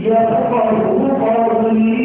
يا قوم قولي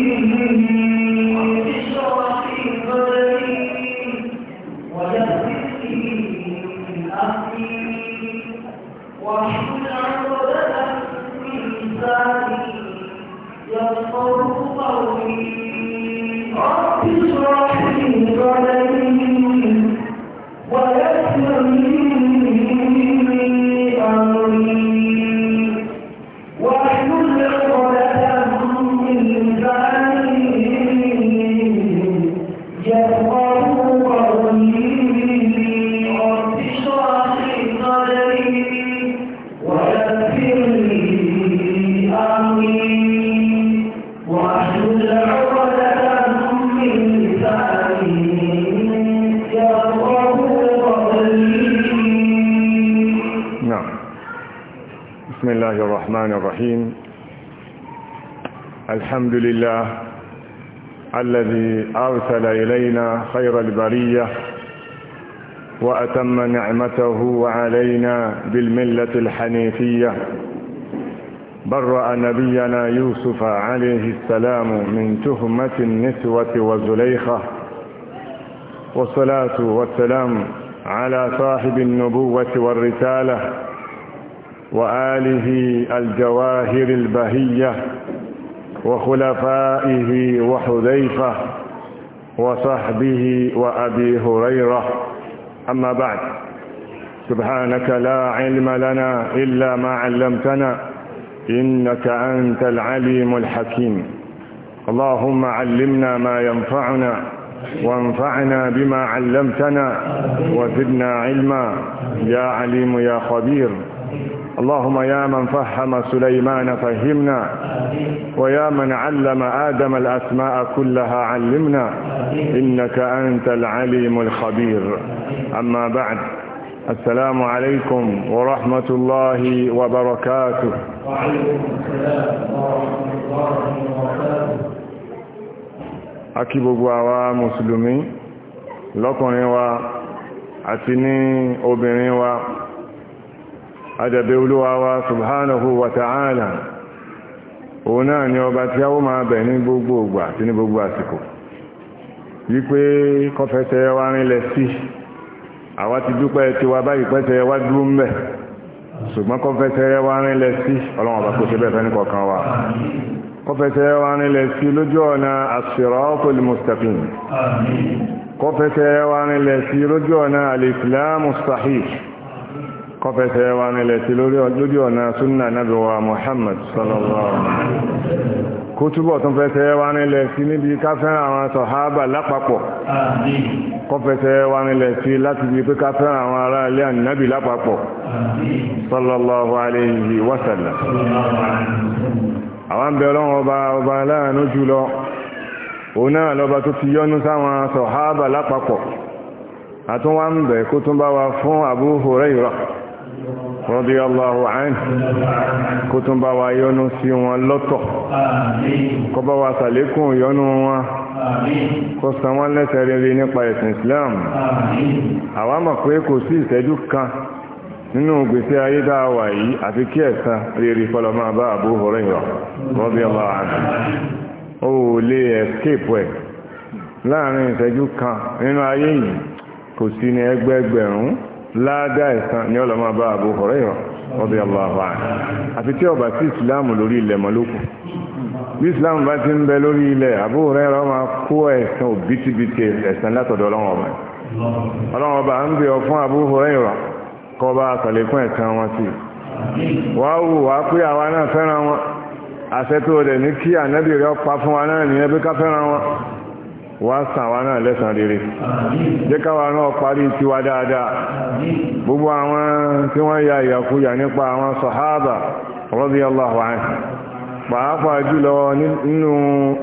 الرحمن الرحيم الحمد لله الذي أرسل إلينا خير البرية وأتم نعمته علينا بالملة الحنيفية برأ نبينا يوسف عليه السلام من تهمة النسوة وزليخة والصلاة والسلام على صاحب النبوة والرسالة وآله الجواهر البهية وخلفائه وحذيفة وصحبه وأبي هريرة أما بعد سبحانك لا علم لنا إلا ما علمتنا إنك أنت العليم الحكيم اللهم علمنا ما ينفعنا وانفعنا بما علمتنا وزدنا علما يا عليم يا خبير اللهم يا من فهم سليمان فهمنا ويا من علم آدم الأسماء كلها علمنا إنك أنت العليم الخبير أما بعد السلام عليكم ورحمة الله وبركاته وعليكم السلام ورحمة الله وبركاته akí gbogbo àwa mùsùlùmí lọ́kùnrin wa àti adàbẹ̀ olúwa wa subhanahu wa ta'ala òun náà ni ọba tí a ó máa bẹ̀ ní gbogbo ògbà àti ní gbogbo àsìkò wípé kọfẹsẹ̀ wa rinlẹ̀ sí àwa ti dúpẹ́ ti wa báyìí pẹ́sẹ̀ wa dúró ń ṣùgbọ́n kọfẹsẹ̀ wa rinlẹ̀ sí ọlọ́wọ́n bá kó kọfẹsẹ̀ wa nílẹ̀ sí lórí ọ̀nà súnnà nábíwa Muhammad sallallahu kó túbọ̀ tún fẹsẹ̀ wa nílẹ̀ sí níbi káfẹ́ràn àwọn sọ̀hábà lápapọ̀ kọfẹsẹ̀ wa nílẹ̀ sí láti bí pé káfẹ́ràn àwọn ará ilé àtúnwà ń bẹ̀ kó tún bá wa fún Abu Hurairah رضي الله عنه tún bá wa yọ́nú sí wọn lọ́tọ̀ kó bá wa ṣàlékún yọ́nú wọn kó san wọ́n lẹ́sẹ̀ rere nípa ẹ̀sìn Islam àwa mọ̀ pé kò sí ìṣẹ́jú kan nínú gbèsè ayé dáwà yìí àti kí ẹ̀sán rere fọlọ́ máa bá Abu Hurairah radiyallahu anhu lè escape ẹ̀ láàrin ìṣẹ́jú kan nínú ayé yìí kò sí ní ẹgbẹ́gbẹ̀rún láàdá ẹ̀sán ni ọlọ́mọ bá Abu Hurairah radiyallahu anhu àti tí ọba sí ìsìláàmù lórí ilẹ̀ mọ́lókù bí ìsìláàmù bá ti ń bẹ lórí ilẹ̀ Abu Hurairah máa kó ẹ̀sán òbítíbitì ẹ̀sán látọ̀dọ̀ ọlọ́wọ́n ọba ọba ń bẹ ọ fún Abu kọ́ àtàlẹ́kùn ẹ̀sán wọn sí wàá wù pé àwa náà fẹ́ràn wọn àṣẹ tó rẹ̀ ní kí fún wa náà nìyẹn bí ká fẹ́ràn wọn wá sàn wa náà lẹ́sàn rere jẹ́ káwa náà parí tiwa dáadáa gbogbo àwọn tí wọ́n ya ìyàkúyà nípa àwọn sàhábà radiyallahu anhu pàápàá jùlọ nínú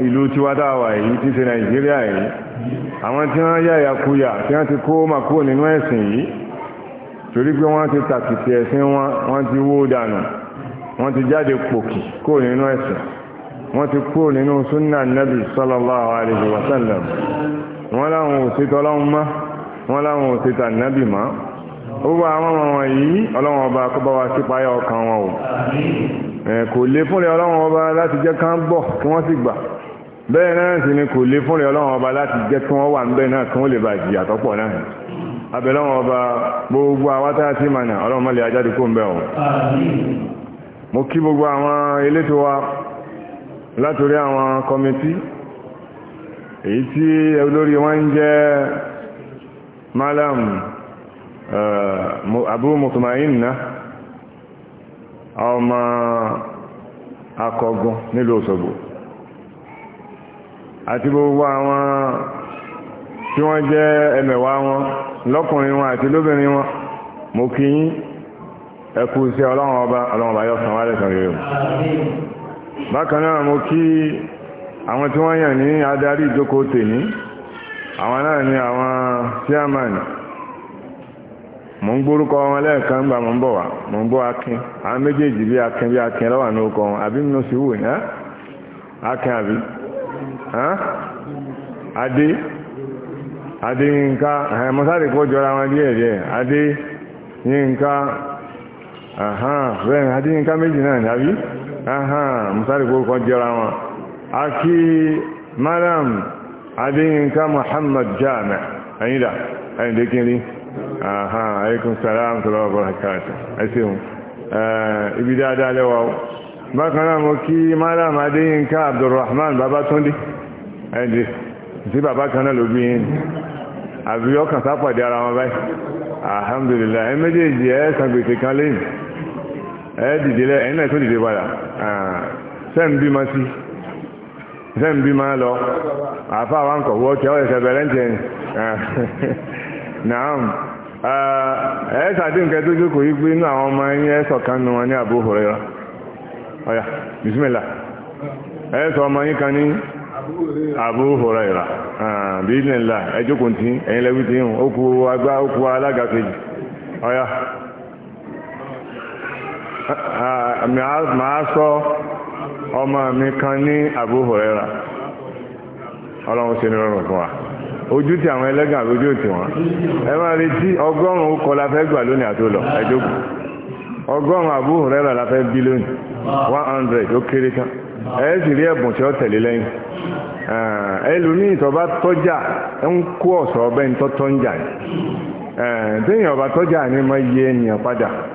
ìlú tiwa dáwà yìí ti ṣe nàìjíríà yìí àwọn tí wọ́n ya ìyàkúyà tí wọ́n ti kó màkúrò nínú ẹ̀sìn yìí torí pé wọ́n ti tàkìtì ẹ̀sìn wọn wọ́n ti wó dànù wọ́n ti jáde pòkì wọ́n ti kúrò nínú súnà nẹ́bì sallallahu alaihi wa sallam wọ́n láwọn òsìtọ́ ọlọ́run má wọ́n láwọn òsìtà nẹ́bì má ó wá àwọn ọmọ wọn yìí ọlọ́run ọba kó bá wa sí payá ọkàn wọn o kò lè fúnlẹ̀ ọlọ́run ọba láti jẹ́ ká ń bọ̀ kí wọ́n sì gbà bẹ́ẹ̀ náà sì ni kò lè fúnlẹ̀ ọlọ́run ọba láti jẹ́ kí wọ́n wà ń gbogbo àwátá sí mànà ọlọ́run mọ́lẹ̀ ajáde ń bẹ́ o mo kí gbogbo àwọn elétò wa látòrí àwọn kọmití èyí tí olórí wọn ń jẹ́ malam eh, abu mutmainna ọmọ akọgun nílùú Òṣogbo àti gbogbo àwọn tí wọ́n jẹ́ ẹmẹ̀wà wọn lọ́kùnrin wọn àti lóbìnrin wọn mo kí yín ọlọ́run ọba ọlọ́run ọba yóò san wálẹ̀ sàn bákan náà mo kí àwọn tí wọ́n yàn ní adarí ìjókòó àwọn náà ni àwọn chairman mo ń gbórúkọ wọn lẹ́ẹ̀kan gbà mo ń bọ̀ wá mo ń akin àwọn méjèèjì bí akin bí akin lọ́wọ́ ní orúkọ àbí nínú sí wò ní akin àbí adé adé yínká mọ́sáàdì kó jọra wọn díẹ̀ díẹ̀ adé yínká bẹ́ẹ̀ adé yínká méjì náà musari kókò jẹra wọn a kí madam adéyínká muhammad jami ẹ̀yìndà ẹ̀yìndé kiri alaikun salam salamu barakata ẹ̀sìn ibi dáadáa lẹ́wà bákanáà mo kí madam adéyínká abdulrahman babatunde ẹ̀yìndé sí bàbá kan náà ló bí yín àbí ọkàn sápàdé ara wọn báyìí alhamdulillah ẹ méjèèjì ẹ sàgbèsè kan lẹ́yìn ẹ dìde lẹ náà tó dìde padà Ah, sẹ́ǹbí ma sí sẹ́ǹbí ma lọ àfa wa ń kọ̀ wọ́ tẹ́ ọ ń tẹ̀ ah, naam ah, ẹ̀ sàdé nǹkan tó jókòó yí pé inú àwọn ọmọ yín ẹ̀ sọ̀kan nu wọn ní Abu Huraira ọ̀yà bisimilá ẹ̀ sọ ọmọ kan ní kejì ọ̀yà. máa sọ ọmọ mi kan ní Abu ọlọ́run ṣe ní rọrùn fún ti àwọn ẹlẹ́gàn àbójú wọn ẹ máa retí ọgọ́rùn-ún kọ la fẹ́ gbà lónìí àti olọ ẹjọ́kù ọgọ́rùn-ún Abu la fẹ́ bí lónìí one ó kéré tán ẹ tọ́jà ń kó ọ̀sọ̀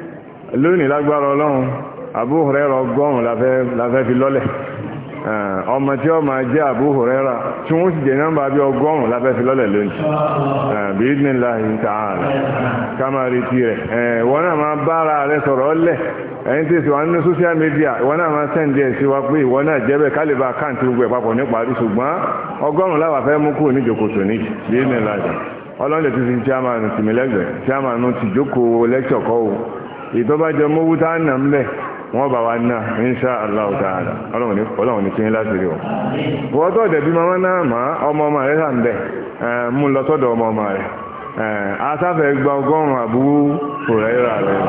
lónìí lágbára ọlọ́run Abu Huraira ọgọ́rùn láfẹ́ fi lọ́lẹ̀ eh, ọmọ tí ó máa jẹ́ Abu Huraira tí wọ́n sì jẹ́ nọ́mbà bí ọgọ́rùn láfẹ́ fi lọ́lẹ̀ lónìí eh, bi'idhnillahi ta'ala kámárì eh, tí rẹ̀ ẹ̀yìn tí ìsìnwá nínú social media wọ́n náà máa sẹ́ǹdì ẹ̀ sí wa pé ìwọ náà jẹ́bẹ̀ ká lè bá àkáǹtì gbogbo ẹ̀ papọ̀ nípa rí ṣùgbọ́n ọgọ́rùn láwà fẹ́ mú kúrò níjòkòtò ní bi'idhnillahi ọlọ́run lè ti fi chairman tìmílẹ́gbẹ̀ẹ́ chairman ti jókòó lẹ́kṣọ̀ ìtọ́bájọ mówú tá nà ń bẹ̀ wọ́n bá wa náà insha Allah ta'ala ọlọ́run ni, kí ní láti rí o wọ́n tọ́ dẹ̀bí mama náà má ọmọ ọmọ rẹ̀ sàn bẹ̀ mú lọ sọ́dọ̀ ọmọ ọmọ rẹ̀ asáfẹ́ gba ọgọ́rùn-ún àbúrú kò rẹ̀ rà rẹ̀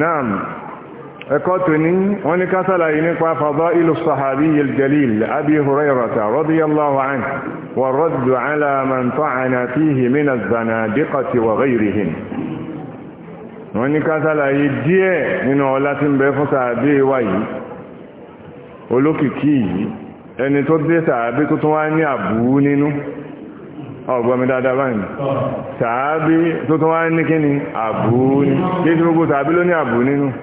náà ẹ̀kọ́ tòní wọ́n ní ká ṣàlàyé nípa fadailu sahabi al-jalil abi hurayrata radiyallahu anhu wa raddu ala man ta'ana fihi min az-zanadiqati wa ghayrihim wọ́n ní ká ṣàlàyé díẹ̀ nínú ọlá tí ń bẹ fún sàábé wa yìí olókìkí yìí ẹni tó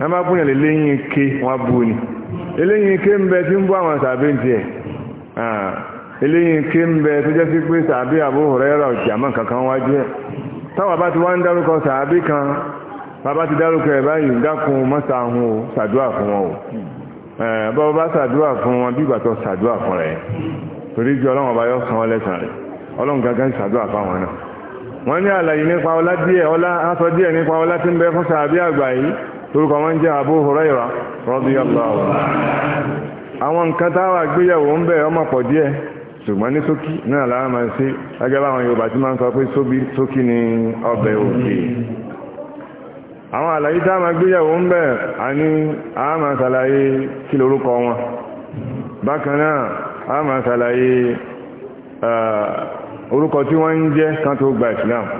ẹ má búyàn lè léyìn ike wọn bú ni eléyìn ike ń bẹ tí ń bú àwọn sàbí ń tiẹ̀ eléyìn ike ń bẹ tó jẹ́ sí pé sàbí Abu Hurairah jàmọ́ kankan wájú ẹ̀ táwa bá ti wá ń dárúkọ sàbí kan bàbá ti dárúkọ ẹ̀ báyìí dákun mọ́sà ahun o sàdúà fún wọn o bàbá bá sàdúà fún wọn bí ìgbà tó sàdúà fún rẹ̀ torí ju ọlọ́run ọba yóò san ọ lẹ́sàn rẹ̀ ọlọ́run gangan sàdúà fáwọn náà wọ́n ní àlàyé nípa ọlá díẹ̀ ọlá aṣọ díẹ̀ nípa ọlá tí ń bẹ fún sàbí àgbà yìí torúkọ wọn jẹ́ Abu Huraira radiyallahu àwọn nǹkan táwà gbéyàwó ń bẹ̀ ọmọ pọ̀ díẹ̀ ṣùgbọ́n ní sókí náà lára máa ṣe gẹ́gẹ́ bá àwọn Yorùbá tí máa ń sọ pé sókí ni ọbẹ̀ òkè àwọn àlàyé táwà gbéyàwó ń bẹ̀ a ní a máa ṣàlàyé kí lorúkọ wọn bákan náà a máa eh, orúkọ tí wọ́n ń jẹ́ kan tó gba ìsìlámù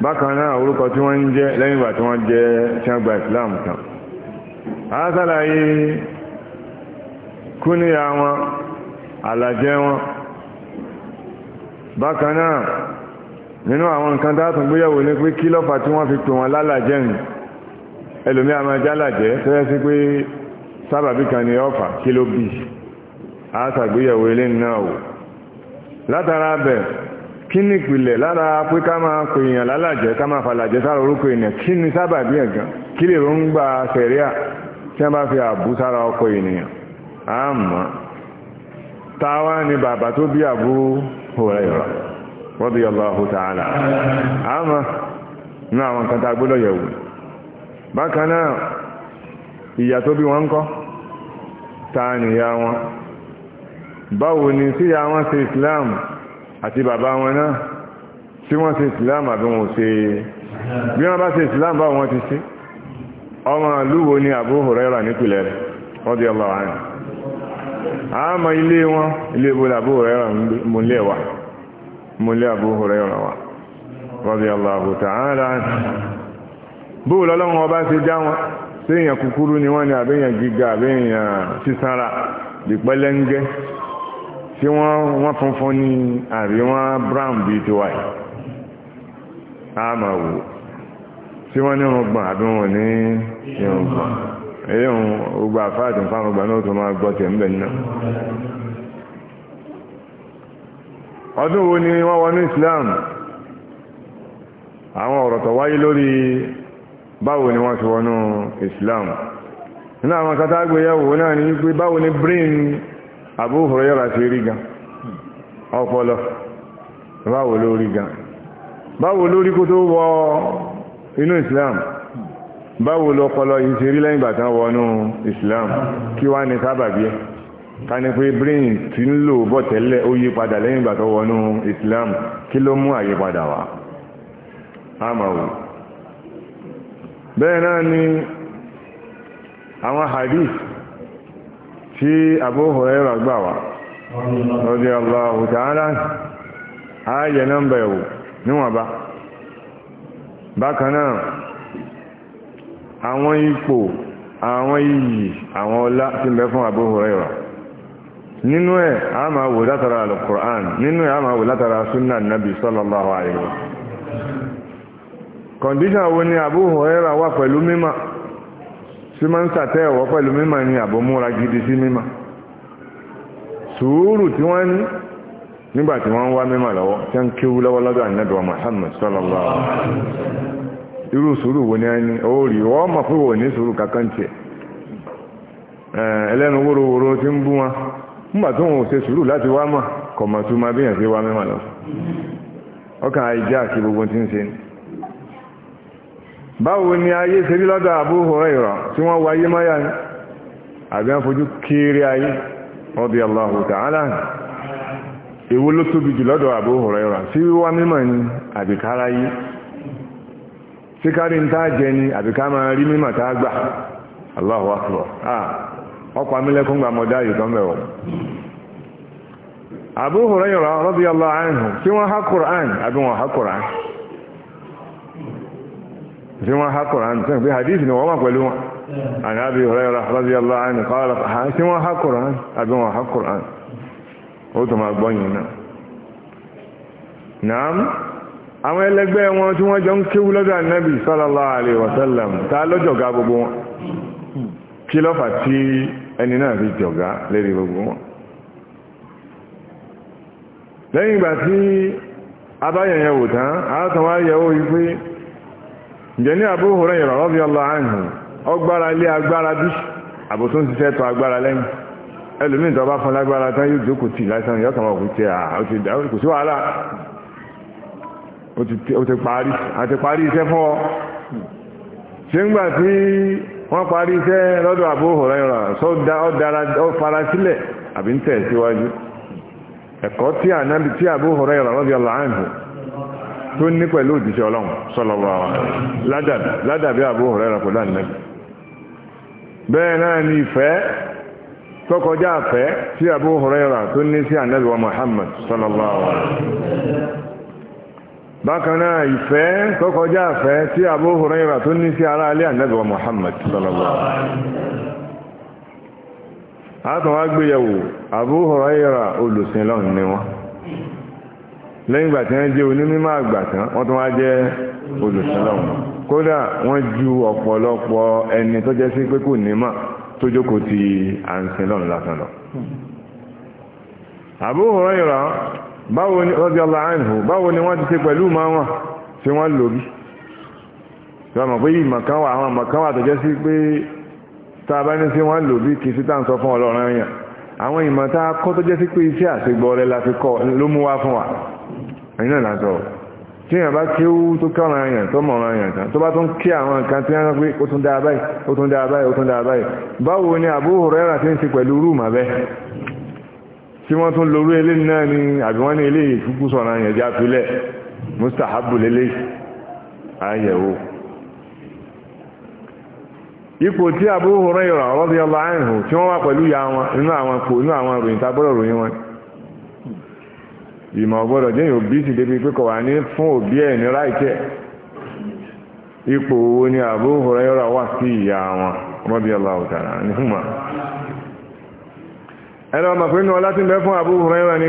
bákan náà orúkọ tí wọ́n ń jẹ́ lẹ́yìn ìgbà tí wọ́n jẹ́ tí wọ́n gba ìsìláàmù kan a sàlàyé kúníyà wọn àlàjẹ́ wọn bákan náà nínú àwọn nǹkan dátùn gbéyàwó ní pé kí lọ́fà tí wọ́n fi pè wọn lálàjẹ́ nù ẹlòmí àmà jálàjẹ́ tẹ́lẹ̀ sí pé sábàbí kan ni ọfà kí ló bí a sàgbéyàwó ilé náà wò látara bẹ́ẹ̀ kí ni ìpìlẹ̀ lára pé ká máa pè èèyàn lálàjẹ́ ká máa fàlàjẹ́ sára orúkọ èèyàn kí ni sábàbí ẹ̀gán kí lè rún gba sẹ̀ríà tí wọ́n bá fi àbú sára ọkọ ènìyàn àmọ́ táwa ni bàbá tó bí Abu Hurairah radiyallahu ta'ala àmọ́ ní àwọn kan tá wọn kọ́ Islam àti bàbá wọn náà tí wọ́n ṣe islam àbí wọn ṣe bí wọ́n bá ṣe islam bá wọn ti sí ọmọ lúwo ni Abu Huraira nípìnlẹ̀ rẹ̀ radiyallahu anhu àmọ́ ilé wọn ilé ìbòlà Abu Huraira múlẹ̀ wà múlẹ̀ Abu Huraira wà radiyallahu ta'ala bóò lọ́lọ́wọ́n ọba ṣe tí wọ́n wọ́n funfun ní àbí wọ́n brown bí ti wáyé àmàwò tí wọ́n ní wọn gbọ̀n àbí wọn ní ìwọ̀n gbọ̀n èyí òun ogbà fáàtì fáwọn ọgbà náà tó máa gbọ́ tẹ̀ ń bẹ̀ ọdún wo ni wọ́n wọnú Islam àwọn ọ̀rọ̀ tó wáyé lórí báwo ni wọ́n ti wọnú Islam nínú àwọn kátàgbéyàwó náà ní wípé báwo ni brain Abu Hurairah ti rí gan ọpọlọ báwo lórí gan báwo wọ inú Islam báwo lọ́pọlọ yìí ti lẹ́yìn Islam kí wá ní sábàbí ẹ̀ ká ní pé brain ti ń lò tẹ́lẹ̀ ó yí Islam kí ló mú àyípadà wá àmàwò bẹ́ẹ̀ hadith tí Abu Hurairah gbà wá radiyallahu ta'ala ààyè nọ́mbà ẹ̀wò níwọ̀nba bákan náà àwọn ipò àwọn iyì àwọn ọlá tí bẹ fún Abu Hurairah nínú ẹ̀ a máa wò látara al-Qur'an nínú ẹ̀ a máa wò látara súnà nàbì sallallahu alaihi wasallam wo ni Abu wà pẹ̀lú sí máa ń sàtẹ́ ẹ̀wọ́ pẹ̀lú ni àbòmúra gidi si mima suuru tí wọ́n ní nígbà tí wọ́n ń wá mímọ̀ lọ́wọ́ tí wọ́n kíwú lọ́wọ́ lọ́dọ̀ sallallahu alaihi wo ni a ní orí wọ́n mọ̀ pé wò ní sùúrù kankan gbogbo báwo ni ayé ṣe rí lọ́dọ̀ Abu Hurairah tí wọ́n wáyé máyà ní àbí kéré ayé ta'ala èwo ló tóbi jù lọ́dọ̀ Abu Hurairah sí wíwá mímọ̀ ni àbíkára yí sí kárí ń tá jẹ ni àbíká máa rí mímọ̀ tá gbà Allahu Abu tí wọ́n há Kùránì tí wọ́n pé hadith ni wọ́n wà pẹ̀lú wọn ànábì Hurairah radiyallahu anhu qala tí wọ́n há Kùránì àbí wọ́n há Kùránì ó tó máa gbọ́yìn náà naam àwọn ẹlẹgbẹ́ wọn tí wọ́n jọ ń kíwú lọ́dọ̀ ànábì sallallahu alaihi wasallam ta ló jọ̀gá gbogbo wọn kí lọ́fà tí ẹni náà fi jọ̀gá lérí gbogbo wọn lẹ́yìn ìgbà tí abáyẹ̀yẹ̀ wò tán àátọ̀wá yẹ̀wò yìí pé ǹjẹ́ ní Abu Hurairah radiyallahu anhu ọgbára lé agbára bí àbò tó ń tọ agbára lẹ́yìn ẹlòmíì tó fún lágbára tán yóò ọ tí ọ àbí tó ní pẹ̀lú òjíṣẹ́ ọlọ́run sọ́lọ́wọ́ ládàbí ládàbí Abu Huraira pẹ̀lú ànìyàn bẹ́ẹ̀ náà ni ìfẹ́ tó kọjá àfẹ́ sí Abu Huraira tó ní sí ànìyàn wa Muhammad sọ́lọ́wọ́ bákan náà ìfẹ́ tó kọjá àfẹ́ sí Abu Huraira tó ní sí ará alẹ́ ànìyàn lẹ́yìn ìgbà tí wọ́n jẹ́ onímọ̀ àgbà tán wọ́n tún wá jẹ́ olùsọ́lọ́wọ́ kódà wọ́n ju ọ̀pọ̀lọpọ̀ ẹni tó jẹ́ sí pé kò nímọ̀ tó jókòó ti àǹsẹ̀lọ́n lásán lọ Abu Hurairah báwo ni radiyallahu anhu báwo ni wọ́n ti ṣe pẹ̀lú máa wọn ṣe wọ́n lò bí lọ́mọ̀ pé ìmọ̀kánwà àwọn ìmọ̀kánwà tó jẹ́ sí pé àwọn ìmọ̀ tá a kọ́ tó jẹ́ sí pé iṣẹ́ àṣegbọ́ rẹ̀ la fi kọ́ ló mú wá fún wa ẹ̀yìn náà lásọ̀ tí èèyàn bá kí ó tó kọ́ran èèyàn tó mọ̀ràn èèyàn tán tó bá tún kí àwọn nǹkan tí wọ́n sọ pé ó tún dáa báyìí ó tún dáa báyìí ó tún dáa báyìí báwo ni Abu Hurairah ti ń ṣe pẹ̀lú rúùmù abẹ́ tí wọ́n tún lorú eléyìí náà ni àbí wọ́n ní eléyìí kúkú sọ̀rọ̀ èèyàn ipò tí Abu Hurairah radiyallahu anhu tí wọ́n wà pẹ̀lú ya wọn inú àwọn kò inú àwọn ròyìn tábọ́rọ̀ ròyìn wọn ìmọ̀ ọgbọ́dọ̀ jẹ́ òbí sì débi pé kọ̀ wà ní fún òbí ẹ̀ ní ráìtẹ́ ipò wo ni Abu Hurairah wà sí ìyá wọn radiyallahu ta'ala anhuma ẹ̀rọ ọmọ pé ní ọlá tí ń bẹ fún Abu Hurairah ni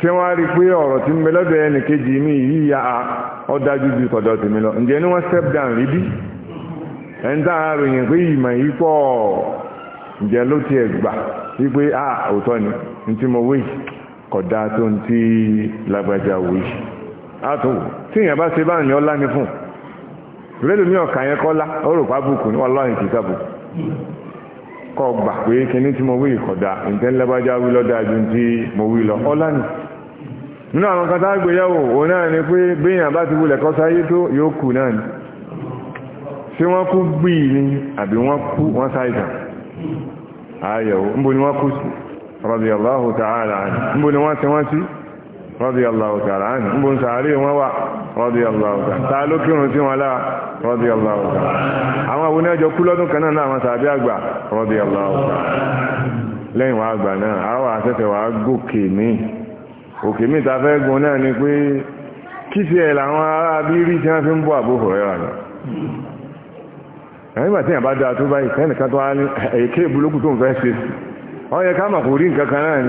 tí wọ́n rí pé ọ̀rọ̀ tí ń bẹ lọ́dọ̀ ẹnì kejì mi yìí ya ọ dájú ju tọ̀dọ̀ tèmi lọ ǹjẹ́ ní wọ́n step down rí bí ẹni tá a ròyìn pé ìmọ̀ yí pọ̀ ǹjẹ́ ló tiẹ̀ gbà wípé a òótọ́ ni ní tí mo wí kódà tó ń tí lágbájá wí àtúwò tí èèyàn bá ṣe bá ní ọlá ní fún rẹ́lùmí ọ̀kà yẹn kọ́lá orùpá bùkù ní ọlọ́rin kìí sábò kọ gbà pé tí mo wí kódà ǹjẹ́ lágbájá wí lọ́dájú tí mo wí lọ ọlá ni nínú àwọn kan tágbé yẹ́wò o náà ni pé bíyàn bá ti wulẹ̀ kọ́ sáyé tó yóò kù náà ni ṣé wọ́n kú ní àbí wọ́n kú wọ́n ayẹ̀wò ni wọ́n kú sí radiyallahu ta'ala anhu ni wọ́n ti wọ́n sí radiyallahu ta'ala sàárè wọ́n wà radiyallahu ta'ala ta àgbà òkè mìta fẹ́ gun náà ni pé kí ti ẹ̀ làwọn ará abírí tí wọ́n fi ń bú Abu Hurairah náà ẹ̀yìn bàtí àbá dáa tó báyìí kẹ́nìkan tó ní èké ìbúlókù tó ń fẹ́ ṣe ọ yẹ ká mà kò rí nǹkan kan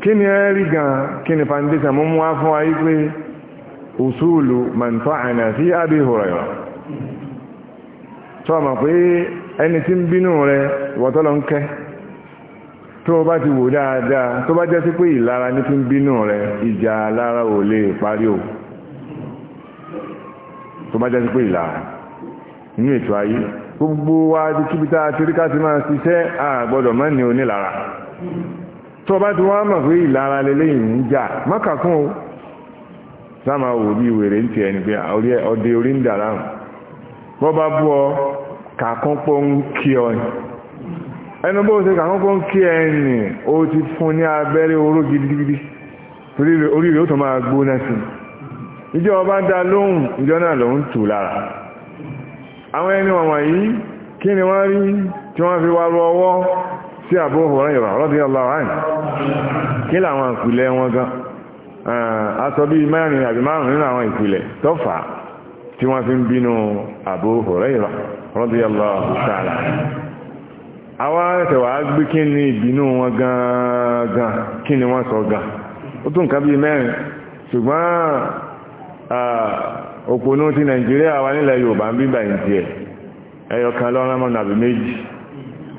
kí ni ẹ rí gan kí ni mú mú wá fún wa yí pé tó o bá ti wò dáadáa tó bá jẹ́ sí pé ìlara ní fi ń bínú rẹ ìjà alára ò lè parí o tó bá jẹ́ sí pé ìlara inú ètò ayé gbogbo wa ti kíbi tá a ti rí ká ti máa ṣiṣẹ́ a gbọ́dọ̀ ní onílara tó o bá ti wá mọ̀ pé ìlara lélẹ́yìn ń jà mọ́kà fún o sáàmà wò bí wèrè ń tiẹ̀ ní pé ọdẹ orí ń dà láàrùn bọ́ bá bú ọ kàkún pọ́ kí ọ ni ẹnu bó ṣe kàkọ́kọ́ ń kí ẹni ó ti fún ní abẹ́rẹ́ oró gidigidi orí rẹ̀ ó tó máa gbóná sí ìjọ ọba dá lóhùn ìjọ náà ló ń tù lára àwọn ẹni wọ̀nwọ̀n yìí kí ni wọ́n rí tí wọ́n fi wá rọ ọwọ́ sí Abu Hurairah radiyallahu anhu kí làwọn ìpìlẹ̀ wọn gan aṣọ bíi mẹ́rin àbí márùn-ún nínú àwọn ìpìlẹ̀ tọ́fà tí wọ́n fi ń bínú Abu Hurairah radiyallahu àwọn arẹ́sẹ̀ wà á gbé kí ni ìbínú wọn gangan kí ni wọ́n sọ gan ó tún nǹkan bí mẹ́rin ṣùgbọ́n òpónú ti nàìjíríà wà nílẹ̀ yorùbá ń bíbà ń tiẹ̀ ẹyọkan lọ́rọ̀ mọ́ méjì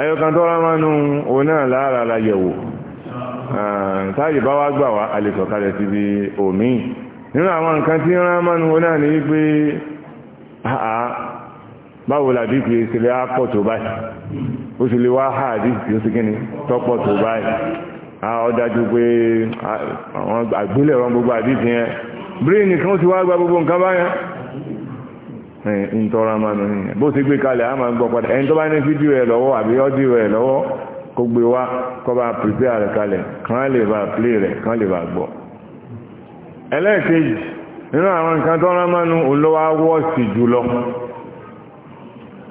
ẹyọkan tó ti báwo la dìkì ìṣẹ̀lẹ̀ á pọ̀ tó báyìí ó sì lè wá ha àdìkì ó sì kí tọ́pọ̀ tó báyìí a ó dájú pé àwọn àgbélẹ̀ wọn gbogbo àdìkì yẹn bírí nìkan ti wá gba gbogbo nǹkan báyẹn ìntọ́ra máa nù yẹn bó ti gbé kalẹ̀ á máa gbọ́ padà ẹni tó bá ní fídíò ẹ̀ lọ́wọ́ àbí ọ́díò ẹ̀ lọ́wọ́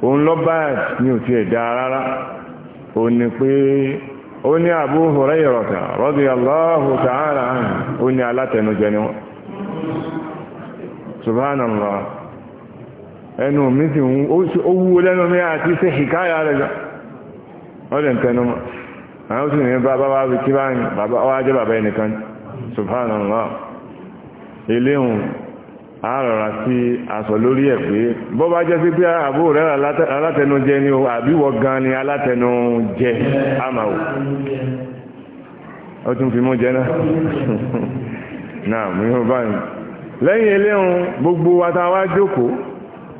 òun lọ báyìí ní òtí ẹ̀dá rárá ó ní pé ó ní Abu Hurayrata radiyallahu ta'ala anhu ó ní alátẹnujẹ ni wọ́n ẹnu mi sì ń lẹ́nu mi àti ṣe hìkáyà rẹ̀ gan wọ́n àwọn ó ní bá bá bàbá ẹnìkan a rọra sí aṣọ lórí ẹ̀ pé bọ́ bá jẹ́ sí pé àbú rẹ̀ ni o àbíwọ̀ gan ni alátẹnujẹ àmàwò ó tún fi mú jẹ náà mú yóò báyìí lẹ́yìn eléhun gbogbo wa tá wá jókòó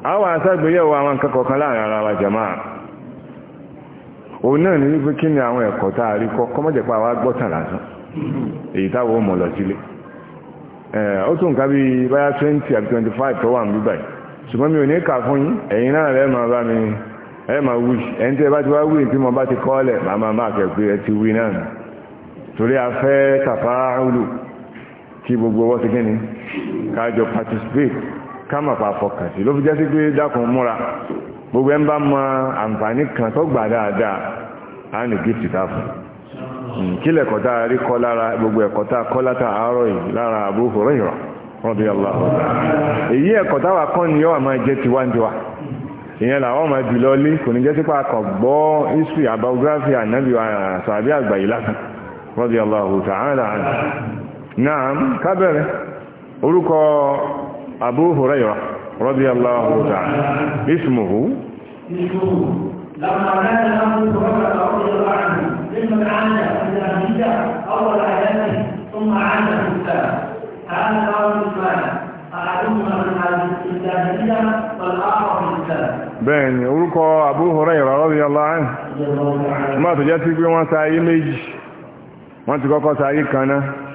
a wà ṣàgbéyẹ̀wò àwọn nǹkan kọ̀ọ̀kan láàrin ara wa jàmáà òun náà ní wípé kí ni àwọn ẹ̀kọ́ tá a rí kọ́ kọ́mọ́jẹ̀pá wa gbọ́tàn lásán èyí táwọn mọ̀ lọ sílé Eh, ó tún nǹkan bí 20 àbí 25 tó wà ń bíbà ṣùgbọ́n mi ò ní kà fún yín ẹ̀yin náà rẹ̀ máa bá mi ẹ̀ máa wí ẹni tí ẹ bá ti wá wí tí mo bá ti kọ́ọ̀lẹ̀ màá máa máa kẹ̀kẹ́ ẹ ti wí náà torí a fẹ́ tàfáàlù kí gbogbo ọwọ́ ti kíni kájọ participate ká mà pa fọkàn sí ló fi jẹ́ sí pé dákun múra gbogbo ẹ̀ ń bá mọ àǹfààní kan tó gbà dáadáa á ní gift ká fún un Hmm, kílẹ̀ kọ́tà rí kọ́ lára gbogbo ẹ̀kọ́tà kọ́ látà àárọ̀ yìí lára Abu Hurairah radiyallahu èyí ẹ̀kọ́tà wa kọ́ ni yọ́ àmọ́ jẹ́ ìyẹn làwọn máa jù lọ lé kò ní jẹ́ sípa gbọ́ history ànábì lásán kábẹ̀rẹ̀ orúkọ لما كان أبو بكر رضي الله عنه ممن عاد إلى مكة أول حياته ثم عاد في الإسلام هذا قول إسماعيل ni orúkọ Abu tó jẹ́ sí pé wọ́n sáyé méjì wọ́n ti kọ́kọ́ sáyé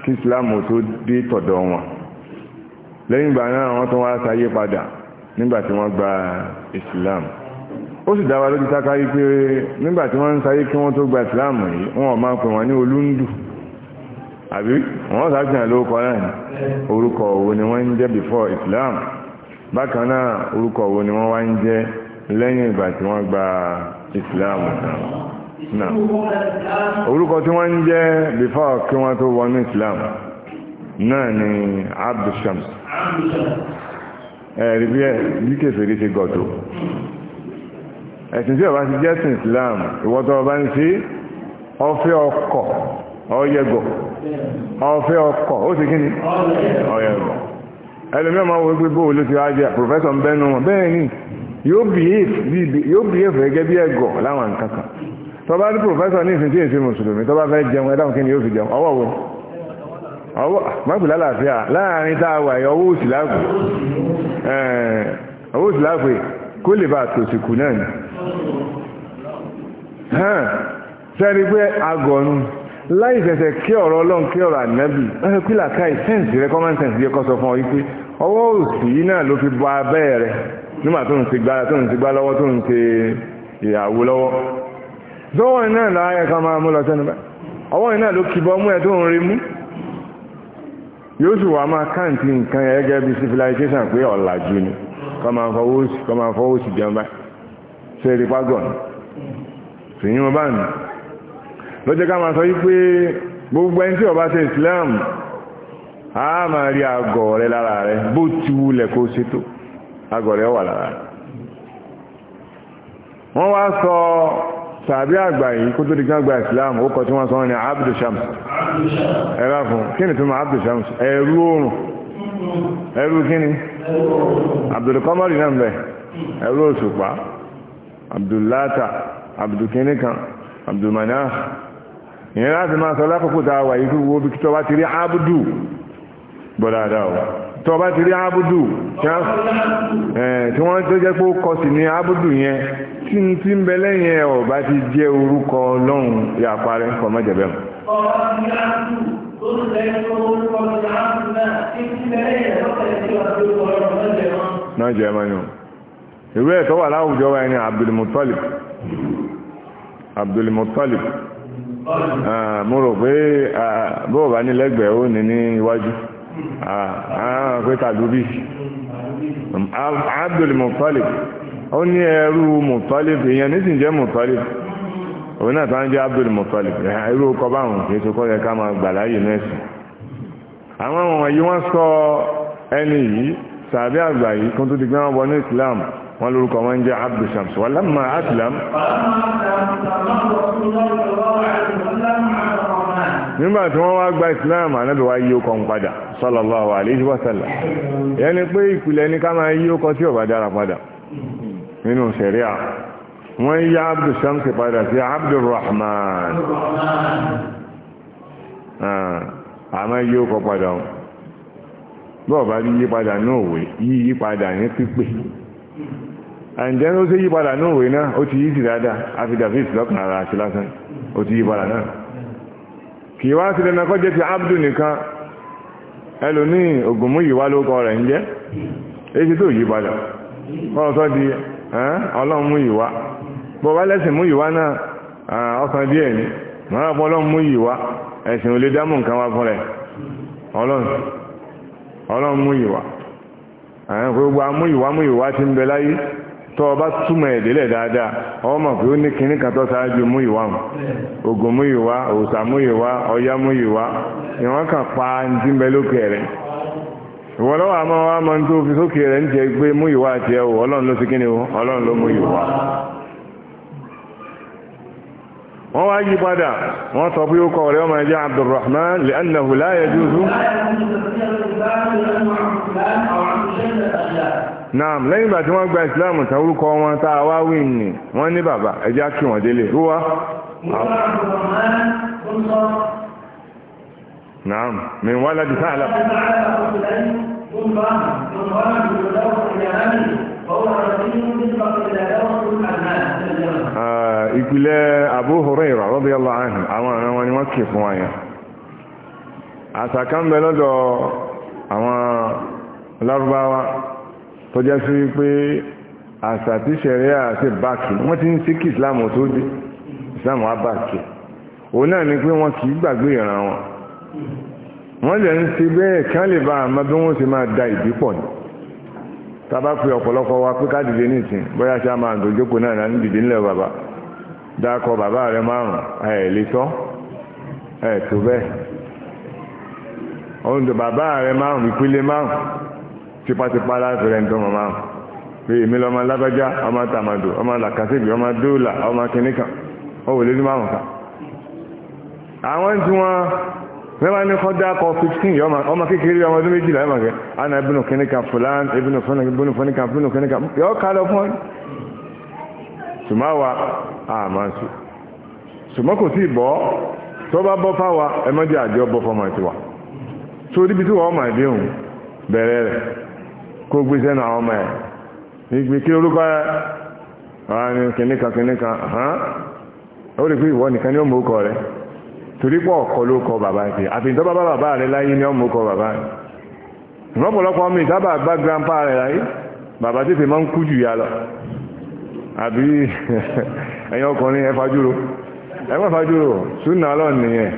kí tó dé tọ̀dọ̀ wọn lẹ́yìn ìgbà náà wọ́n tó wá sáyé padà nígbàtí wọ́n gba islam ó sì dáwà lójú tákà yí pé nígbà tí wọ́n ń sáyé kí wọ́n tó gba ìsìláàmù yìí wọ́n ọ̀ máa pè wọ́n ní olúndù àbí wọ́n sàfihàn lórúkọ náà ní orúkọ òwò ni wọ́n ń jẹ́ before ìsìláàmù bákan náà orúkọ òwò ni wọ́n wá ń jẹ́ lẹ́yìn ìgbà tí wọ́n gba ìsìláàmù náà orúkọ tí wọ́n ń jẹ́ before kí wọ́n tó wọnú ìsìláàmù náà ni abdushams ẹ̀rí bí kèfèrí ẹ̀sìn tí ọba ti jẹ́ sin Islam ìwọ́tọ̀ ọba ń sí ọfẹ́ ọkọ̀ ọyẹgọ̀ ọfẹ́ ọkọ̀ ó sì kíni ọyẹgọ̀ ẹlòmíràn máa wọ gbogbo olú ti wájú pòfẹ́sọ̀ ń bẹ́nu wọn bẹ́ẹ̀ ni yóò bí èfè gẹ́gẹ́ bí ẹ̀gọ̀ láwọn nǹkan kan tọba ní pòfẹ́sọ̀ ní ìsìn tí èsì mùsùlùmí tọba fẹ́ jẹun ẹ̀dáhùn kí ni yóò fi jẹun ọwọ́ wo ọwọ́ mọ́pù lálàáfíà láàrin táwà ọwọ́ òsì láàpù kó lè bá àtòsìkù náà ni sẹ́ni pé agọ̀nù láì fẹsẹ̀ kí ọ̀rọ̀ ọlọ́run kí ọ̀rọ̀ ànábì wọ́n fi làkàì sẹ́ǹsì rẹ common sense yẹ kọ́ sọ fún ọ wípé ọwọ́ òsì yìí náà ló fi bọ abẹ́ rẹ nígbà tó ń ti gbá tó ń ti gbá lọ́wọ́ tó ń ti ìyàwó lọ́wọ́ sọ́wọ́ náà láàyè ká máa mú lọ sẹ́nu bá ọwọ́ náà ló kì bọ́ mú ẹ tó ń rí mú yóò sì wá máa káǹtì nǹkan ẹgẹ́ bí civilization pé ọ̀làjú ni kọ́mà fọwọ́ sí kọ́mà fọwọ́ sí jẹunbá sẹ́ẹ̀rí pàgọ́n fìyìn ọba nù lọ́jọ́ ká máa sọ wípé gbogbo ẹni tí ọba ṣe Islam a máa rí àgọ̀ rẹ lára rẹ bó ti wulẹ̀ kó ṣe tó àgọ̀ rẹ wà lára wọ́n wá sọ tàbí àgbà yìí kó tó di gán gba Islam ó kọ tí wọ́n sọ wọn ni Abdul Shams ẹ̀rá fún kí ni tó máa Abdul Shams ẹ̀rú oòrùn ẹ̀rú kí ni abdulkamari náà bẹ̀ ẹ̀rọ òṣùpá abdullata abdulkinikan abdulmana ìyẹn láti máa sọ lákòókò tá a wà yìí gbogbo bí tọba ti rí abudu bọ́dáadá o tọba ti rí abudu tí wọ́n tó jẹ́ pé ó kọ sí ní abudu yẹn tí n ti ń bẹ lẹ́yìn ẹ̀ ọ̀bá ti jẹ́ orúkọ ọlọ́run yà parẹ́ kọ̀ mọ́jẹ̀bẹ̀mù náà jẹ́ ẹ̀mọ́ ni ìwé ẹ̀tọ́ wà láwùjọ wa ẹni Abdulmutalib Abdulmutalib ah, mo rò pé ah, bóò bá ní lẹ́gbẹ̀ẹ́ ó ní ní iwájú ah, pé tàdúbí Abdulmutalib ó ní ẹrú Mutalib èèyàn nísìnyí jẹ́ Mutalib òun náà tó ń jẹ́ Abdul Muttalib irú ọkọ̀ báwọn kìí tó kọ́ yẹ ká máa gbà láàyè nẹ́ẹ̀sì àwọn ọmọ yìí wọ́n sọ ẹni yìí sàbí àgbà yìí kó tó ti gbé wọn bọ ní Islam wọn lórúkọ wọn jẹ́ Abdul Shams wà lámà Aslam nígbà tí wọ́n wá gba Islam anábì wá yí ọkọ̀ ń padà sallallahu alaihi wa sallam yẹni pé ìpìlẹ̀ ní ká máa yí ọkọ̀ tí ò bá dára padà nínú ṣẹ̀ríà wọ́n yí abdu shamsi padà sí rahman àmọ́ yí ó kọ padà wọn bọ́ọ̀bá yí padà náà wé yí yí padà ní pípé àǹjẹ́ ló sí yí padà náà ó ti yí sí dáadáa afidafis lọ́kàn ara àti lásán ó ti yí padà náà kì í wá sí jẹ́ ti abdu nìkan ẹlòmíì ògùnmú yìí wá lókọ rẹ̀ di ọlọ́run mú bọ̀ bá lẹ́sìn mú ìwá náà ọkàn díẹ̀ ní máa pọ̀ mú ìwá ẹ̀sìn lè dámù nǹkan wá fún rẹ̀ ọlọ́run mú ìwá àwọn gbogbo amú ìwá mú ìwá ti ń bẹ láyé tọ́ ọba ẹ̀dẹ́lẹ̀ dáadáa ọmọ pé ó ní kan mú ìwá mú ìwá mú ìwá ọya mú ìwá ìwọ́n kan pa ní ti ń wọ́n wá yí padà wọ́n sọ pé ó kọ rẹ̀ ọmọ ẹjẹ́ Abdulrahman lẹ́nàhù láyé jùzú náà lẹ́yìn ìgbà tí wọ́n gba ìsìláàmù tán orúkọ wọn tá a wá wí ní wọ́n ní bàbá ẹjẹ́ kí wọ́n délé rúwá náà mi wá láti sáàlá Ah, ìpìlẹ̀ Abu Hurairah radiyallahu anhu àwọn àwọn wọn ni wọ́n kìí fún àyà àsàkánbẹ̀ lọ́dọ̀ àwọn lárúbáwá tó jẹ́ sí pé àṣà tí ṣẹ̀rẹ́ àti báàkì wọ́n ti ń sí kí ìsìláàmù tó dé ìsìláàmù wá báàkì òun náà ni pé wọ́n kì í gbàgbé ìran wọn wọ́n lè ń ṣe bẹ́ẹ̀ kí wọ́n lè bá àmọ́ wọ́n ṣe máa da ìdí pọ̀ ni tábà pé ọ̀pọ̀lọpọ̀ wa pé ká dìde nìsín bóyá ṣe a máa tó jókòó náà náà ní dìde ńlẹ̀ bàbá dákọ bàbá rẹ márùn ẹ̀ lè sọ ẹ̀ tó bẹ́ẹ̀ ohun tó bàbá rẹ márùn ìpele márùn tipátipá láti rẹ̀ ń tọ́ màmá pé èmi lọ́mọ lágbájá ọmọ tàmàdò ọmọ làkàtẹ́bì ọmọ dóòlà ọmọ kìnnìkan ó lé mẹ́wàá ní kọ́ dákọ̀ 15 yọ ọmọ kékeré ọmọ ọdún méjìlá ẹ̀ ana ah, ibùnú kìnìkan fúlàn ibùnú fúnìkan ibùnú kìnìkan yọ ká fún ọ. sùmáwa àmà sùn sùmọ́ kò sí ìbọ́ tó bá bọ́ fáwa ẹ má jẹ́ àjọ bọ́ fọmọ tiwa sórí ibi wọ́n òun bẹ̀rẹ̀ rẹ̀ kó gbé sẹ́nu àwọn ọmọ ẹ̀ kí orúkọ torí pọ̀ ọ̀kọ́ ló kọ bàbá ṣe àfihàn bàbá bàbá rẹ̀ láyé ní ọmọ kọ bàbá rẹ̀ lọ́pọ̀lọpọ̀ ọmọ ìsábà gbá grandpa rẹ̀ láyé bàbá tètè máa ń kú jù yà lọ àbí ẹ̀yin ọkùnrin ẹ fajúro ẹ má fajúro súnà ọlọ́run nìyẹn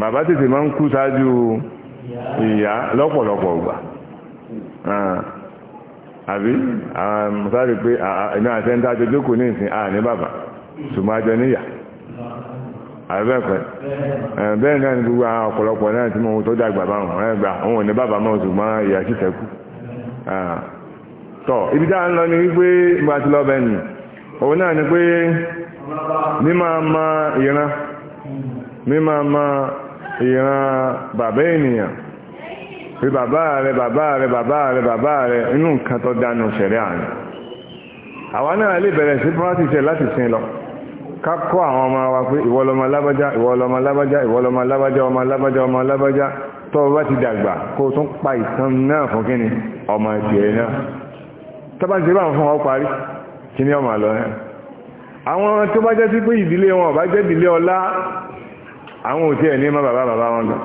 bàbá tètè máa ń kú ṣáájú ìyá lọ́pọ̀lọpọ̀ ọgbà àbí mọ̀sáré pé ẹ̀mí àbẹ́ẹ̀kọ́ bẹ́ẹ̀ náà ni gbogbo àwọn ọ̀pọ̀lọpọ̀ náà tí mo tó dàgbà báwọn ọ̀rẹ́ gbà òun ò ní bàbá mọ́ oṣù máa ìyá sí fẹ́kù tọ́ ibi tá à ń lọ ni wípé ìgbà tí lọ́ọ́ bẹ́ẹ̀ nì òun náà ni pé mímọ́ ma ìran mímọ́ ma ìran bàbá ènìyàn pé bàbá rẹ bàbá rẹ bàbá rẹ bàbá rẹ inú nǹkan tó dánú ṣẹ̀rẹ́ àná àwa náà lè bẹ̀rẹ̀ sí pọ́nrátìṣẹ́ kákọ́ àwọn ọmọ wa pé ìwọlọmọ lábájá ìwọlọmọ lábájá ìwọlọmọ lábájá ọmọ lábájá ọmọ lábájá tó bá ti dàgbà kó tún pa ìtàn náà fún kíni ọmọ ìpìlẹ̀ náà tọ́bá ti bá ń fún ọ parí kí ni ọmọ lọ náà àwọn tó bá jẹ́ sí pé ìdílé wọn bá jẹ́ ìdílé ọlá àwọn òtí ẹ̀ ní má bàbá bàbá wọn lọ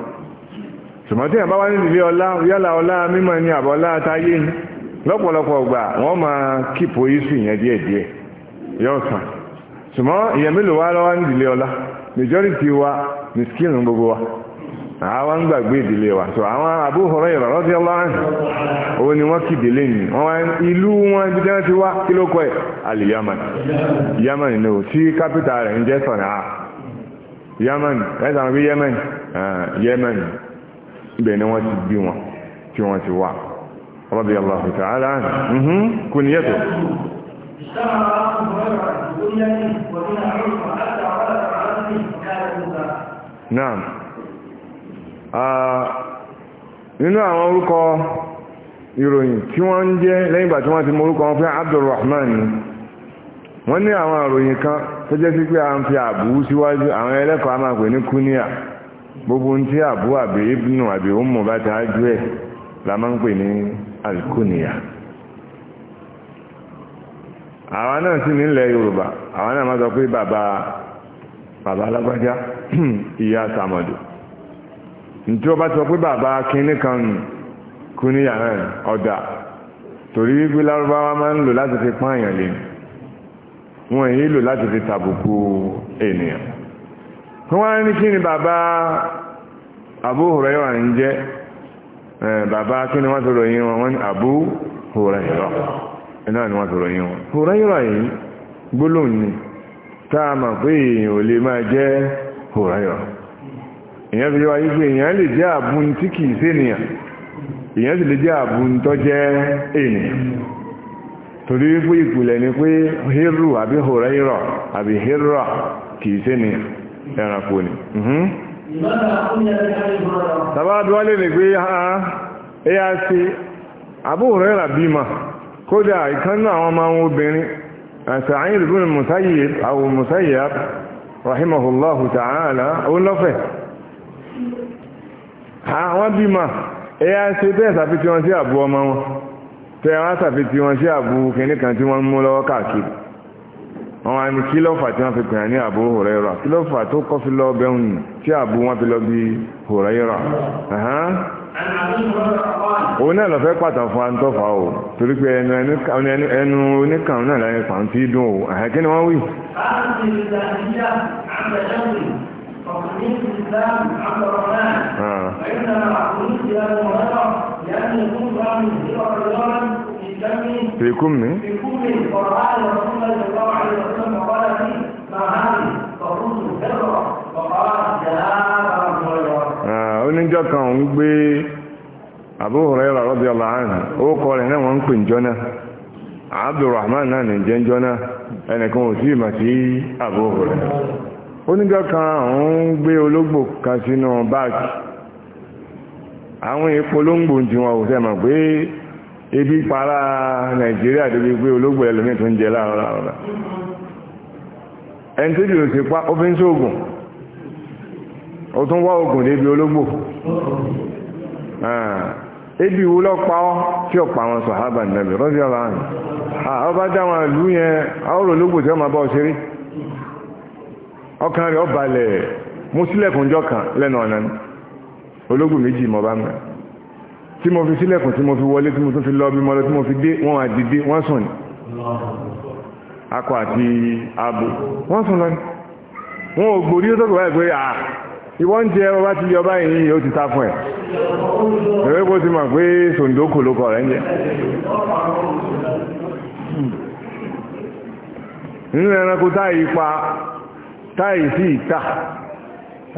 ṣùgbọ́n tí àbá wá ní ìdílé ọlá yálà ọlá mímọ̀ ní àbọ̀lá táyé lọ́pọ̀lọpọ̀ gbà wọ́n máa kíp ṣùgbọ́n èèyàn mélòó wá lọ́wọ́ ní ìdílé ọlá majority wa miskin gbogbo wa àwọn gbàgbé ìdílé wa so àwọn Abu Hurairah radiyallahu anhu òun ni wọ́n kì ìdílé ni wọ́n wá ìlú wọn ibi tí wọ́n ti wá kí ló kọ́ ẹ̀ alì Yaman Yaman ní o tí kápítà rẹ̀ ń jẹ́ Sànáà ah, Yaman ẹ̀sà wọn bí Yaman Yaman ibẹ̀ ni wọ́n ti bí wọn tí wọ́n ti wá radiyallahu ta'ala anhu mhm, kùnìyẹ́tò اشتهر أبو نعم nínú àwọn orúkọ ìròyìn tí wọ́n ń jẹ́ lẹ́yìn ìgbà tí wọ́n ti mọ orúkọ wọn fẹ́ Abdulrahman ni wọ́n ní àwọn ìròyìn kan tó jẹ́ sí pé a ń fi àbú síwájú àwọn ẹlẹ́kọ̀ọ́ a máa pè ní kúníà gbogbo ń tí àbú àbí ibnu àbí òmù bá ti ájú ẹ̀ la máa ń pè ní alkúníà àwọn náà sì ilẹ̀ yorùbá àwọn náà máa sọ pé bàbá bàbá alágbájá ìyá sàmọ̀dù bá sọ pé bàbá kínní kan kú ní yàrá ọ̀dà torí wípé lárúbáwá máa ń lò láti fi pọ́n àyàn èyí lò láti fi tàbùkù ènìyàn wọ́n ní kí ni bàbá Abu náà ni wọ́n yìí wọn Hùráírà yìí gbólóhùn ni tá a mọ̀ pé èèyàn ò lè máa jẹ́ Hùráírà èèyàn fi wáyé pé èèyàn lè jẹ́ àbùn tí kìí ṣènìyàn èèyàn sì lè jẹ́ àbùn tó jẹ́ ènìyàn torí wípé ìpìlẹ̀ ni pé hírù àbí Hùráírà àbí hírà kìí ṣènìyàn kódà ìkánná àwọn ọmọ àwọn obìnrin Sa'id ibn Musayyib àwọn Musayyab rahimahullahu ta'ala ó lọ́fẹ̀ àwọn bímọ ẹ̀yà ṣe bẹ́ẹ̀ sàfitì wọn sí àbú ọmọ wọn tẹ́ wọ́n sàfitì wọn sí àbú kìíní kan tí wọ́n mú lọ́wọ́ káàkiri òun náà lọ fẹ́ pàtàkì fún àtọ́fà o torí pé ẹnu oníkàn náà láyé pàǹ tí dùn o àhẹ́ kí ni wọ́n wí. في كم في كم قرآن رسول الله صلى الله عليه وسلم قال فيه ما هذه فقلت هرة oníjọ́ kan ń gbé Abu Huraira radiyallahu anhu ó kọ rẹ̀ náà wọ́n ń pè jọ náà Abdurrahman náà ní jẹ́ jọ náà ẹnìkan ò sí sí oníjọ́ kan ń gbé ológbò kan sínú báàgì àwọn ìpolóngbò tí ò ebi para Nàìjíríà ẹlòmí tó ń jẹ láàrọ̀ láàrọ̀ o tún wá oògùn débi ológbò ah, ebi wo lọ pa ọ tí ọ̀pọ̀ àwọn sọ̀hábà nàbẹ̀ rọ́bì ọ̀la àná ah, ọba dáwọn ìlú yẹn àwọn ológbò tí wọ́n máa bá ọ ṣeré ọkàn rẹ̀ ọba lẹ̀ mú sílẹ̀kùnjọ́ kan lẹ́nu ọ̀nà ni ológbò méjì mọ̀ bá mẹ́ tí mo fi sílẹ̀kùn tí mo fi wọlé tí mo tún fi lọ bí mo lọ tí mo fi dé wọ́n àdìdé wọ́n sùn ni akọ àti abo wọ́n sùn lọ ni wọ́n ò gbòrí ó tọ́gbọ̀ báyìí pé ah, ìwọ́n ń jẹ ọba ti yọ báyìí ní yóò ti ta fún ẹ ẹ̀rọ epo ti mọ̀ pé sòǹdókò ló kọ̀ rẹ̀ ń jẹ. nínú ẹranko táyì pa táyì sí ìta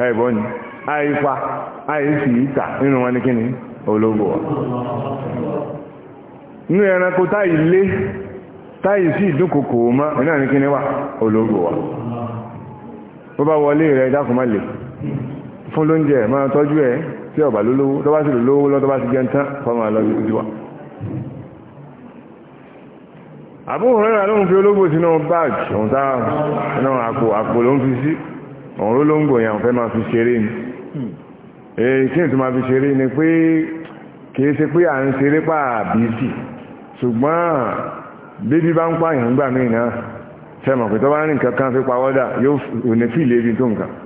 ẹ̀bọ́n ni àìpa àìsí ìta nínú wọn ní kíni ológbò wa nínú ẹranko táyì lé táyì sí ìdúnkòkò mọ́ iná ní kíni wà ológbò wa bó bá wọlé rẹ̀ dákùnmọ́ lè fún lóúnjẹ máa tọ́jú ẹ̀ tí ọ̀bà lólówó tó bá sì lólówó lọ́tọ́ bá ti jẹun tán fọ́mọ àlọ́jú ojú wa Abu Hurairah ló ń fi ológbò sínú báàgì òun tá inú àpò àpò ló ń fi sí òun ló lóńgbò yẹn fẹ́ máa fi ṣeré ni èyí tí ìtumọ̀ fi ṣeré ni pé kìí ṣe pé à ń ṣeré pàbí sí ṣùgbọ́n bébí bá ń pààyàn gbà míì náà ṣe mọ̀ bá ní nǹkan fi pawọ́dà yóò ní fìlè ibi tó nǹkan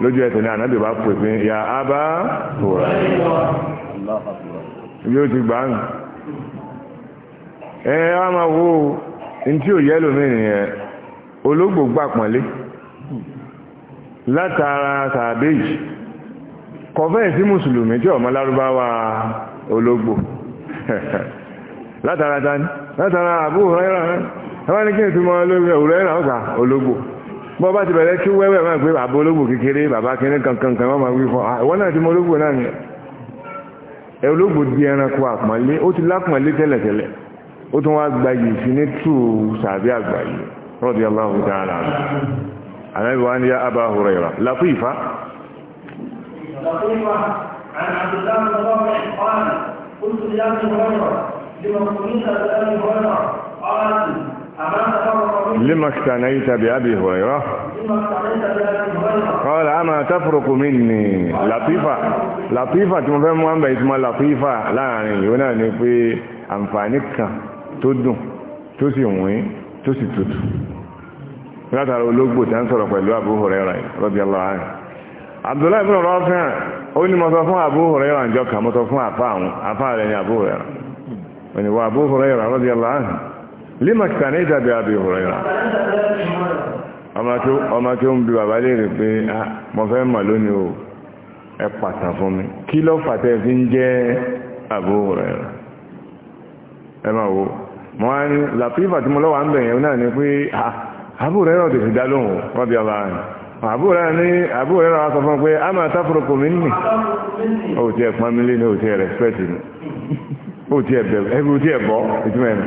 lójú ẹsẹ̀ ní ànábì bá pè ya abá hùrà bí ti gbà ń ẹ á máa wo ntí ò yẹ́lò mí nìyẹn pọ̀nlé látara mùsùlùmí tí ọmọ lárúbáwá látara tani látara àbúrò bọ́ bá ti bẹ̀rẹ̀ kí wẹ́wẹ́ máa gbé bàbá olóògbò kékeré bàbá kéré kankan kan máa wí fún àwọn náà ti mọ olóògbò náà ni ẹ olóògbò di ẹranko àpọ́nlé ó ti lápọ́nlé tẹ́lẹ̀tẹ́lẹ̀ ó tún wá gba yìí sí ní tù sàbí àgbáyé rọ́dí aláhùn عن عبد الله بن رافع قال قلت لابي هريره لمن سميت بابي هريره قال لما اقتنيت بأبي هريرة قال أما تفرق مني لطيفة لطيفة تمفهم مهمة اسمها لطيفة لا يعني هنا نقول أنفانك تدو تسيوي تسيتوت látàrí olóògbò tí a ń sọ̀rọ̀ pẹ̀lú Abu Hurairah radiyallahu anhu Abdullahi ibn Rafi' ó ní mọ́sọ fún Abu Hurairah jọ kà mọ́sọ fún àfáà rẹ̀ ní Abu Hurairah òníwà Abu Hurairah radiyallahu anhu lima kìtàní ìdàbí àbí ìhùrẹ́ra ọmọ tí ó ń bí bàbá léèrè pé ah, mo fẹ́ mọ̀ lónìí o ẹ pàtà fún mi kí ló fàtẹ́ fi ń jẹ́ àbí ìhùrẹ́ra ẹ máa wo mo wá ní làpífà tí mo lọ́wọ́ ń bẹ̀yẹn ni pé àbí ah, ìhùrẹ́ra ò tètè dá lóhùn wọ́n bí ọba rẹ̀ àbí ìhùrẹ́ra ní àbí ìhùrẹ́ra wa ẹ̀ pọ́n ìtumẹ̀ mi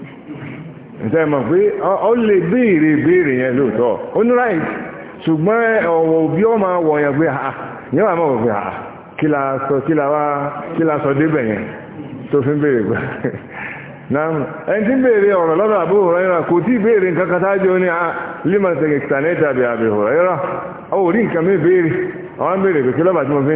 ǹtẹ́ mọ̀ pé ó lè béèrè béèrè yẹn lóòótọ́ ó ní ráìt ṣùgbọ́n ọ̀wọ̀ òbí ọmọ wọ̀ yẹn pé àà ah, ah. yẹn wà mọ̀ pé àà ah, kí la sọ kí la wá kí la sọ débẹ̀ yẹn tó fi ń béèrè pé ẹni tí ń béèrè ọ̀rọ̀ lọ́dọ̀ Abu Hurairah kò tí béèrè nǹkan kan tájọ ní límọ̀tẹ̀ ìtànẹ́tà àbí Abu Hurairah ó rí nǹkan mi béèrè àwọn mo fi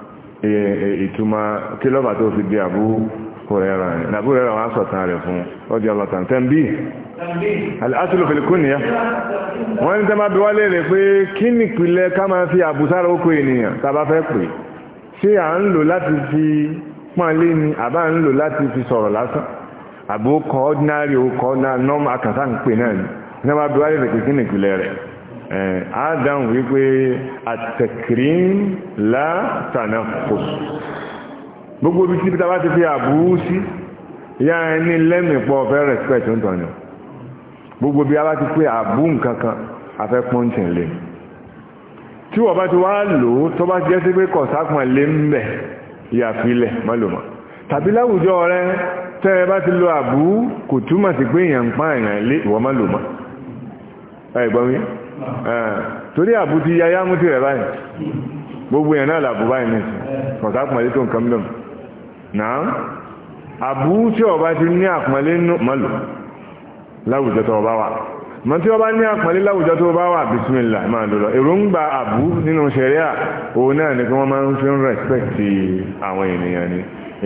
ìtumọ̀ kí lọ́bà tó fi di àbú hùrẹ́rà rẹ̀ àbú hùrẹ́rà wọn sọ̀tàn rẹ̀ fún ọdí ọlọ́tàn tẹ́m̀bí alásìlò fìlìkúnìyà wọ́n ní tẹ́mà bí wá lè rẹ̀ pé kí ní fi àbúsára ó ènìyàn tàbá fẹ́ pè si à ń lò láti fi pọ́nlé ni àbá ń lò láti fi sọ̀rọ̀ lásán ordinary náà ń pè náà Eh, adam wípé àtẹ̀kìrín látànà kòsù gbogbo ibi tí pítà bá ti fi àbúrú sí yá ẹni lẹ́mìpọ̀ ọ̀fẹ́ respect ń tọ̀nà gbogbo bí a bá ti pé àbú nkankan afẹ́ pọ́ntìn lè tí wọ́n bá ti wá lò ó tó bá jẹ́ sí pé kọ̀sápọ̀n lè ń bẹ̀ ìyàfilẹ̀ mọ́lòmọ́ tàbí láwùjọ rẹ tẹ́ torí àbúti yáyá mú tirẹ̀ báyìí gbogbo yẹn náà làbú báyìí nìsí kọ̀tà pọ̀lẹ́ tó nǹkan bẹ̀rù náà àbú tí ọba ti ní àpọ̀lẹ́ mọ́lù láwùjọ tó ọba wà mọ́ tí ọba ní àpọ̀lẹ́ láwùjọ tó ọba wà bisimilà máa lọ èròǹgbà àbú nínú ṣẹ̀ríà òun náà ni kí wọ́n máa ni.